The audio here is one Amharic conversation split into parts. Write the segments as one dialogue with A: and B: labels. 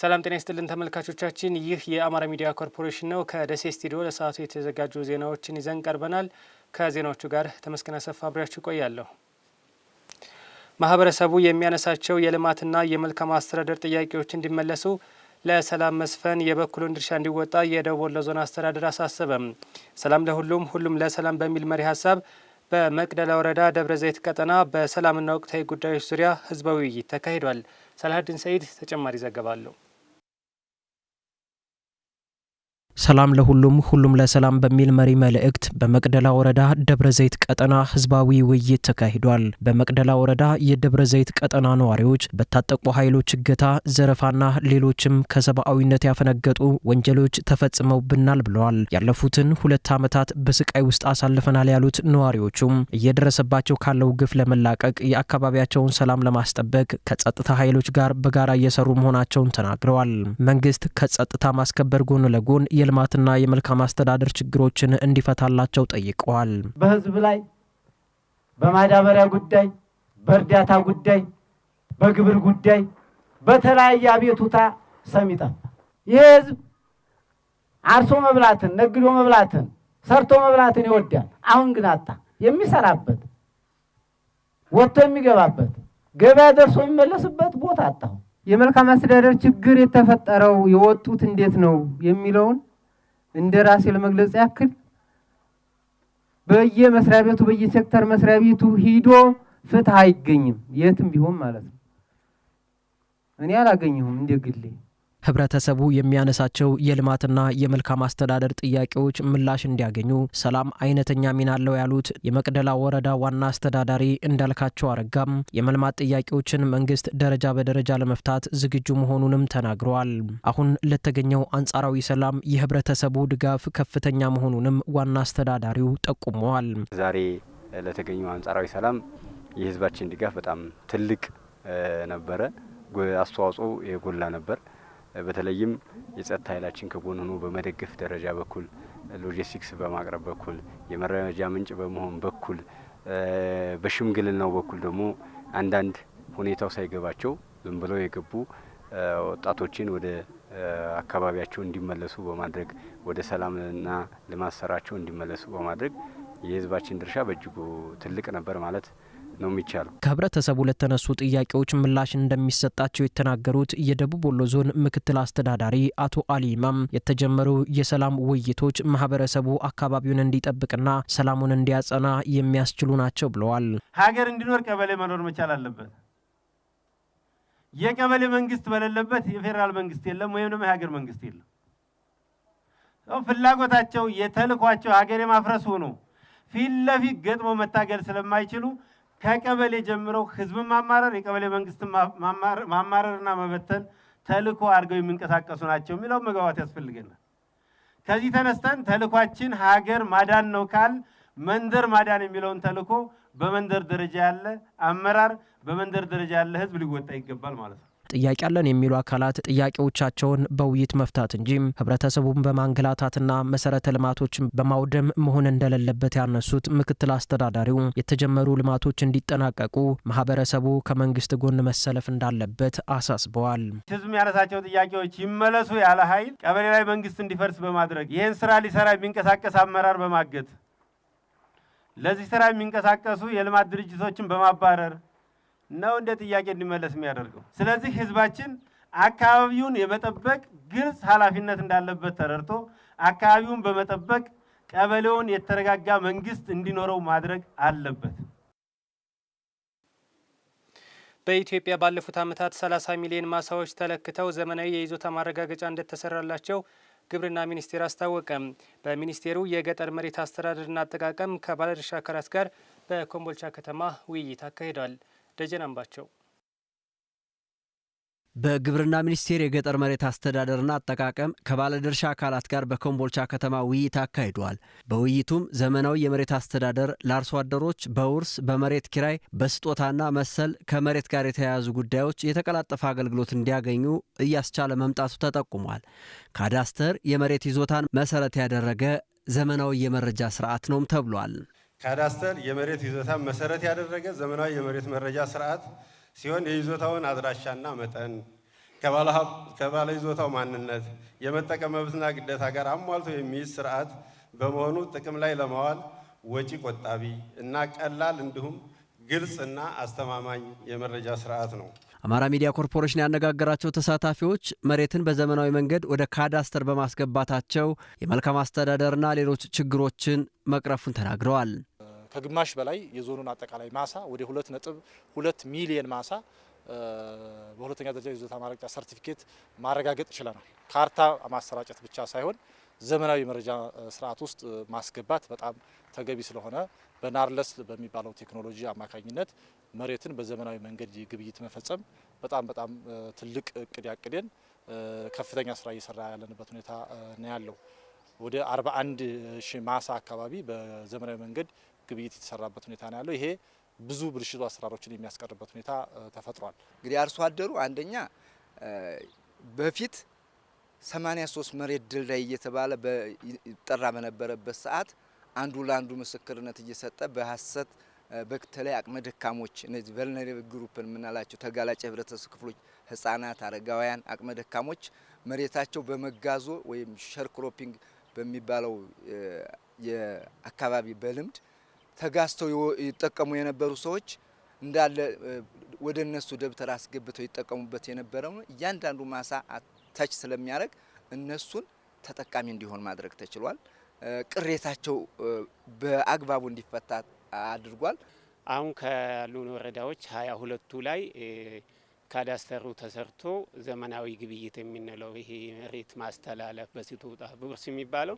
A: ሰላም ጤና ይስጥልን ተመልካቾቻችን፣ ይህ የአማራ ሚዲያ ኮርፖሬሽን ነው። ከደሴ ስቱዲዮ ለሰዓቱ የተዘጋጁ ዜናዎችን ይዘን ቀርበናል። ከዜናዎቹ ጋር ተመስገን አሰፋ አብሬያችሁ ቆያለሁ። ማህበረሰቡ የሚያነሳቸው የልማትና የመልካም አስተዳደር ጥያቄዎች እንዲመለሱ ለሰላም መስፈን የበኩሉን ድርሻ እንዲወጣ የደቡብ ወሎ ዞን አስተዳደር አሳሰበም። ሰላም ለሁሉም ሁሉም ለሰላም በሚል መሪ ሀሳብ በመቅደላ ወረዳ ደብረ ዘይት ቀጠና በሰላምና ወቅታዊ ጉዳዮች ዙሪያ ህዝባዊ ውይይት ተካሂዷል። ሰላሀዲን ሰይድ ተጨማሪ ዘገባለሁ።
B: ሰላም ለሁሉም ሁሉም ለሰላም በሚል መሪ መልእክት በመቅደላ ወረዳ ደብረ ዘይት ቀጠና ህዝባዊ ውይይት ተካሂዷል። በመቅደላ ወረዳ የደብረ ዘይት ቀጠና ነዋሪዎች በታጠቁ ኃይሎች እገታ፣ ዘረፋና ሌሎችም ከሰብአዊነት ያፈነገጡ ወንጀሎች ተፈጽመውብናል ብለዋል። ያለፉትን ሁለት ዓመታት በስቃይ ውስጥ አሳልፈናል ያሉት ነዋሪዎቹም እየደረሰባቸው ካለው ግፍ ለመላቀቅ የአካባቢያቸውን ሰላም ለማስጠበቅ ከጸጥታ ኃይሎች ጋር በጋራ እየሰሩ መሆናቸውን ተናግረዋል። መንግስት ከጸጥታ ማስከበር ጎን ለጎን የልማትና የመልካም አስተዳደር ችግሮችን እንዲፈታላቸው ጠይቀዋል።
C: በህዝብ ላይ በማዳበሪያ ጉዳይ፣ በእርዳታ ጉዳይ፣ በግብር ጉዳይ በተለያየ አቤቱታ ሰሚ ጠፋ። ይህ ህዝብ አርሶ መብላትን፣ ነግዶ መብላትን፣ ሰርቶ መብላትን ይወዳል። አሁን ግን አጣ። የሚሰራበት ወጥቶ የሚገባበት ገበያ ደርሶ የሚመለስበት ቦታ አጣሁ።
D: የመልካም አስተዳደር ችግር የተፈጠረው የወጡት እንዴት ነው የሚለውን እንደ ራሴ ለመግለጽ ያክል በየመስሪያ ቤቱ በየሴክተር መስሪያ ቤቱ ሂዶ ፍትህ አይገኝም፣ የትም ቢሆን ማለት ነው። እኔ አላገኘሁም እንደ ግሌ
B: ህብረተሰቡ የሚያነሳቸው የልማትና የመልካም አስተዳደር ጥያቄዎች ምላሽ እንዲያገኙ ሰላም አይነተኛ ሚና አለው ያሉት የመቅደላ ወረዳ ዋና አስተዳዳሪ እንዳልካቸው አረጋም የመልማት ጥያቄዎችን መንግስት ደረጃ በደረጃ ለመፍታት ዝግጁ መሆኑንም ተናግረዋል። አሁን ለተገኘው አንጻራዊ ሰላም የህብረተሰቡ ድጋፍ ከፍተኛ መሆኑንም ዋና አስተዳዳሪው ጠቁመዋል።
E: ዛሬ ለተገኘው አንጻራዊ ሰላም የህዝባችን ድጋፍ በጣም ትልቅ ነበረ፣ አስተዋጽኦ የጎላ ነበር። በተለይም የጸጥታ ኃይላችን ከጎን ሆኖ በመደገፍ ደረጃ በኩል ሎጂስቲክስ በማቅረብ በኩል የመረጃ ምንጭ በመሆን በኩል በሽምግልናው በኩል ደግሞ አንዳንድ ሁኔታው ሳይገባቸው ዝም ብለው የገቡ ወጣቶችን ወደ አካባቢያቸው እንዲመለሱ በማድረግ ወደ ሰላምና ልማት ስራቸው እንዲመለሱ በማድረግ የህዝባችን ድርሻ በእጅጉ ትልቅ ነበር ማለት ነው የሚቻለው።
B: ከህብረተሰቡ ለተነሱ ጥያቄዎች ምላሽ እንደሚሰጣቸው የተናገሩት የደቡብ ወሎ ዞን ምክትል አስተዳዳሪ አቶ አሊ ኢማም የተጀመሩ የሰላም ውይይቶች ማህበረሰቡ አካባቢውን እንዲጠብቅና ሰላሙን እንዲያጸና የሚያስችሉ ናቸው ብለዋል።
C: ሀገር እንዲኖር ቀበሌ መኖር መቻል አለበት። የቀበሌ መንግስት በሌለበት የፌዴራል መንግስት የለም፣ ወይም ደግሞ የሀገር መንግስት የለም። ፍላጎታቸው የተልኳቸው ሀገር የማፍረስ ሆኖ ፊት ለፊት ገጥሞ መታገል ስለማይችሉ ከቀበሌ ጀምረው ህዝብን ማማረር የቀበሌ መንግስትን ማማረርና መበተን ተልእኮ አድርገው የሚንቀሳቀሱ ናቸው የሚለው መግባባት ያስፈልገናል። ከዚህ ተነስተን ተልኳችን ሀገር ማዳን ነው ካል መንደር ማዳን የሚለውን ተልእኮ በመንደር ደረጃ ያለ አመራር፣ በመንደር ደረጃ ያለ ህዝብ ሊወጣ ይገባል ማለት ነው።
B: ጥያቄ አለን የሚሉ አካላት ጥያቄዎቻቸውን በውይይት መፍታት እንጂ ህብረተሰቡን በማንገላታትና መሰረተ ልማቶችን በማውደም መሆን እንደሌለበት ያነሱት ምክትል አስተዳዳሪው የተጀመሩ ልማቶች እንዲጠናቀቁ ማህበረሰቡ ከመንግስት ጎን መሰለፍ እንዳለበት አሳስበዋል።
C: ህዝብ ያነሳቸው ጥያቄዎች ይመለሱ ያለ ኃይል ቀበሌ ላይ መንግስት እንዲፈርስ በማድረግ ይህን ስራ ሊሰራ የሚንቀሳቀስ አመራር በማገት ለዚህ ስራ የሚንቀሳቀሱ የልማት ድርጅቶችን በማባረር ነው እንደ ጥያቄ እንዲመለስ የሚያደርገው። ስለዚህ ህዝባችን አካባቢውን የመጠበቅ ግልጽ ኃላፊነት እንዳለበት ተረድቶ አካባቢውን በመጠበቅ ቀበሌውን የተረጋጋ መንግስት እንዲኖረው ማድረግ አለበት።
A: በኢትዮጵያ ባለፉት ዓመታት 30 ሚሊዮን ማሳዎች ተለክተው ዘመናዊ የይዞታ ማረጋገጫ እንደተሰራላቸው ግብርና ሚኒስቴር አስታወቀም። በሚኒስቴሩ የገጠር መሬት አስተዳደርና አጠቃቀም ከባለድርሻ አካላት ጋር በኮምቦልቻ ከተማ ውይይት አካሂዷል። ደጀን አምባቸው
B: በግብርና ሚኒስቴር የገጠር መሬት አስተዳደርና አጠቃቀም ከባለድርሻ አካላት ጋር በኮምቦልቻ ከተማ ውይይት አካሂዷል በውይይቱም ዘመናዊ የመሬት አስተዳደር ለአርሶ አደሮች በውርስ በመሬት ኪራይ፣ በስጦታና መሰል ከመሬት ጋር የተያያዙ ጉዳዮች የተቀላጠፈ አገልግሎት እንዲያገኙ እያስቻለ መምጣቱ ተጠቁሟል። ካዳስተር የመሬት ይዞታን መሰረት ያደረገ ዘመናዊ የመረጃ ስርዓት ነውም ተብሏል።
F: ካዳስተር የመሬት ይዞታ መሰረት ያደረገ ዘመናዊ የመሬት መረጃ ስርዓት ሲሆን የይዞታውን አድራሻና መጠን ከባለ ይዞታው ማንነት የመጠቀም መብትና ግዴታ ጋር አሟልቶ የሚይዝ ስርዓት በመሆኑ ጥቅም ላይ ለማዋል ወጪ ቆጣቢ እና ቀላል እንዲሁም ግልጽና አስተማማኝ የመረጃ ስርዓት ነው።
B: አማራ ሚዲያ ኮርፖሬሽን ያነጋገራቸው ተሳታፊዎች መሬትን በዘመናዊ መንገድ ወደ ካዳስተር በማስገባታቸው የመልካም አስተዳደርና ሌሎች ችግሮችን መቅረፉን ተናግረዋል።
G: ከግማሽ በላይ የዞኑን አጠቃላይ ማሳ ወደ ሁለት ነጥብ ሁለት ሚሊየን ማሳ በሁለተኛ ደረጃ የይዞታ ማረጋገጫ ሰርቲፊኬት ማረጋገጥ ችለናል። ካርታ ማሰራጨት ብቻ ሳይሆን ዘመናዊ መረጃ ስርዓት ውስጥ ማስገባት በጣም ተገቢ ስለሆነ በናርለስ በሚባለው ቴክኖሎጂ አማካኝነት መሬትን በዘመናዊ መንገድ ግብይት መፈጸም በጣም በጣም ትልቅ እቅድ ያቅደን ከፍተኛ ስራ እየሰራ ያለንበት ሁኔታ ነው ያለው። ወደ 41 ሺህ ማሳ አካባቢ በዘመናዊ መንገድ ግብይት የተሰራበት ሁኔታ ነው ያለው። ይሄ ብዙ ብልሽት አሰራሮችን የሚያስቀርበት ሁኔታ ተፈጥሯል።
H: እንግዲህ አርሶ አደሩ አንደኛ በፊት 83 መሬት ድል ላይ እየተባለ ይጠራ በነበረበት ሰዓት አንዱ ለአንዱ ምስክርነት እየሰጠ በሀሰት በተለይ አቅመ ደካሞች እነዚህ ቨልነሬብል ግሩፕን የምናላቸው ተጋላጭ ህብረተሰብ ክፍሎች ህጻናት፣ አረጋውያን፣ አቅመ ደካሞች መሬታቸው በመጋዞ ወይም ሸርክሮፒንግ በሚባለው የአካባቢ በልምድ ተጋዝተው ይጠቀሙ የነበሩ ሰዎች እንዳለ ወደ እነሱ ደብተር አስገብተው ይጠቀሙበት የነበረው እያንዳንዱ ማሳ ታች ስለሚያደርግ እነሱን ተጠቃሚ እንዲሆን ማድረግ ተችሏል። ቅሬታቸው በአግባቡ እንዲፈታ አድርጓል።
I: አሁን ካሉን ወረዳዎች ሀያ ሁለቱ ላይ ካዳስተሩ ተሰርቶ ዘመናዊ ግብይት የምንለው ይሄ መሬት ማስተላለፍ በሲቶ ውጣ የሚባለው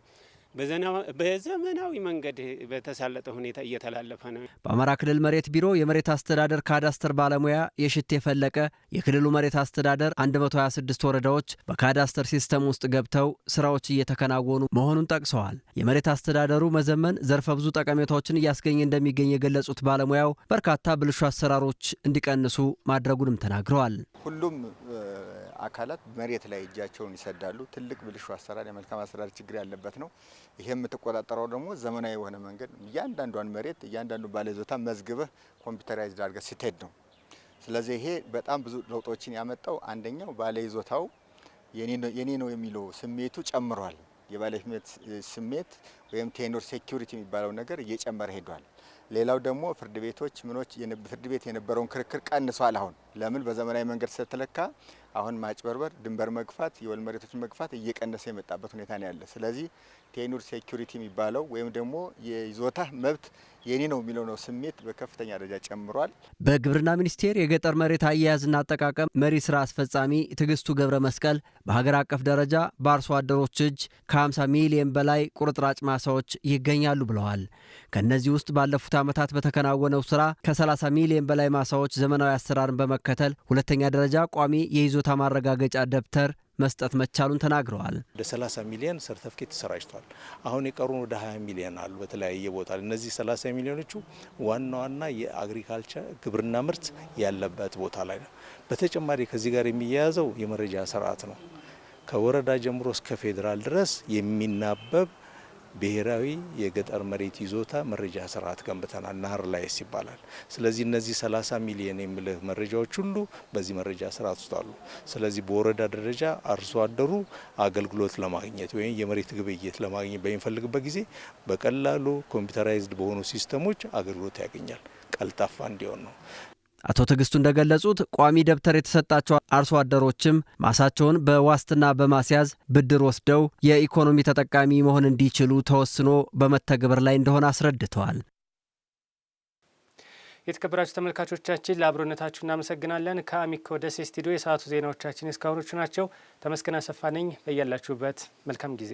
I: በዘመናዊ መንገድ በተሳለጠ ሁኔታ እየተላለፈ ነው።
B: በአማራ ክልል መሬት ቢሮ የመሬት አስተዳደር ካዳስተር ባለሙያ የሽት የፈለቀ የክልሉ መሬት አስተዳደር 126 ወረዳዎች በካዳስተር ሲስተም ውስጥ ገብተው ስራዎች እየተከናወኑ መሆኑን ጠቅሰዋል። የመሬት አስተዳደሩ መዘመን ዘርፈ ብዙ ጠቀሜታዎችን እያስገኘ እንደሚገኝ የገለጹት ባለሙያው በርካታ ብልሹ አሰራሮች እንዲቀንሱ ማድረጉንም ተናግረዋል።
J: ሁሉም አካላት መሬት ላይ እጃቸውን ይሰዳሉ። ትልቅ ብልሹ አሰራር የመልካም አሰራር ችግር ያለበት ነው። ይሄ የምትቆጣጠረው ደግሞ ዘመናዊ የሆነ መንገድ እያንዳንዷን መሬት እያንዳንዱ ባለይዞታ መዝግበህ ኮምፒውተራይዝ አድርገህ ስትሄድ ነው። ስለዚህ ይሄ በጣም ብዙ ለውጦችን ያመጣው አንደኛው ባለይዞታው የኔ ነው የሚለው ስሜቱ ጨምሯል። የባለቤት ስሜት ወይም ቴኖር ሴኪሪቲ የሚባለው ነገር እየጨመረ ሄዷል። ሌላው ደግሞ ፍርድ ቤቶች ምኖች ፍርድ ቤት የነበረውን ክርክር ቀንሷል። አሁን ለምን በዘመናዊ መንገድ ስለተለካ አሁን ማጭበርበር፣ ድንበር መግፋት፣ የወል መሬቶች መግፋት እየቀነሰ የመጣበት ሁኔታ ነው ያለ። ስለዚህ ቴኑር ሴኩሪቲ የሚባለው ወይም ደግሞ የይዞታ መብት የኔ ነው የሚለው ነው ስሜት በከፍተኛ ደረጃ ጨምሯል።
B: በግብርና ሚኒስቴር የገጠር መሬት አያያዝና አጠቃቀም መሪ ስራ አስፈጻሚ ትዕግስቱ ገብረ መስቀል በሀገር አቀፍ ደረጃ በአርሶ አደሮች እጅ ከ50 ሚሊየን በላይ ቁርጥራጭ ማሳ ዳሰሳዎች ይገኛሉ ብለዋል። ከእነዚህ ውስጥ ባለፉት ዓመታት በተከናወነው ስራ ከ30 ሚሊዮን በላይ ማሳዎች ዘመናዊ አሰራርን በመከተል ሁለተኛ ደረጃ ቋሚ የይዞታ ማረጋገጫ ደብተር መስጠት መቻሉን ተናግረዋል።
K: ወደ 30 ሚሊዮን ሰርተፍኬት ተሰራጭቷል። አሁን የቀሩን ወደ 20 ሚሊዮን አሉ በተለያየ ቦታ። እነዚህ 30 ሚሊዮኖቹ ዋና ዋና የአግሪካልቸር ግብርና ምርት ያለበት ቦታ ላይ ነው። በተጨማሪ ከዚህ ጋር የሚያያዘው የመረጃ ስርዓት ነው። ከወረዳ ጀምሮ እስከ ፌዴራል ድረስ የሚናበብ ብሔራዊ የገጠር መሬት ይዞታ መረጃ ስርዓት ገንብተናል፣ ናህር ላይስ ይባላል። ስለዚህ እነዚህ 30 ሚሊዮን የሚልህ መረጃዎች ሁሉ በዚህ መረጃ ስርዓት ውስጥ አሉ። ስለዚህ በወረዳ ደረጃ አርሶ አደሩ አገልግሎት ለማግኘት ወይም የመሬት ግብይት ለማግኘት በሚፈልግበት ጊዜ በቀላሉ ኮምፒውተራይዝድ በሆኑ ሲስተሞች አገልግሎት ያገኛል። ቀልጣፋ እንዲሆን ነው።
B: አቶ ትግስቱ እንደገለጹት ቋሚ ደብተር የተሰጣቸው አርሶ አደሮችም ማሳቸውን በዋስትና በማስያዝ ብድር ወስደው የኢኮኖሚ ተጠቃሚ መሆን እንዲችሉ ተወስኖ በመተግበር ላይ እንደሆነ አስረድተዋል።
A: የተከበራችሁ ተመልካቾቻችን ለአብሮነታችሁ እናመሰግናለን። ከአሚኮ ደሴ ስቱዲዮ የሰዓቱ ዜናዎቻችን እስካሁኖቹ ናቸው። ተመስገን አሰፋ ነኝ። በያላችሁበት መልካም ጊዜ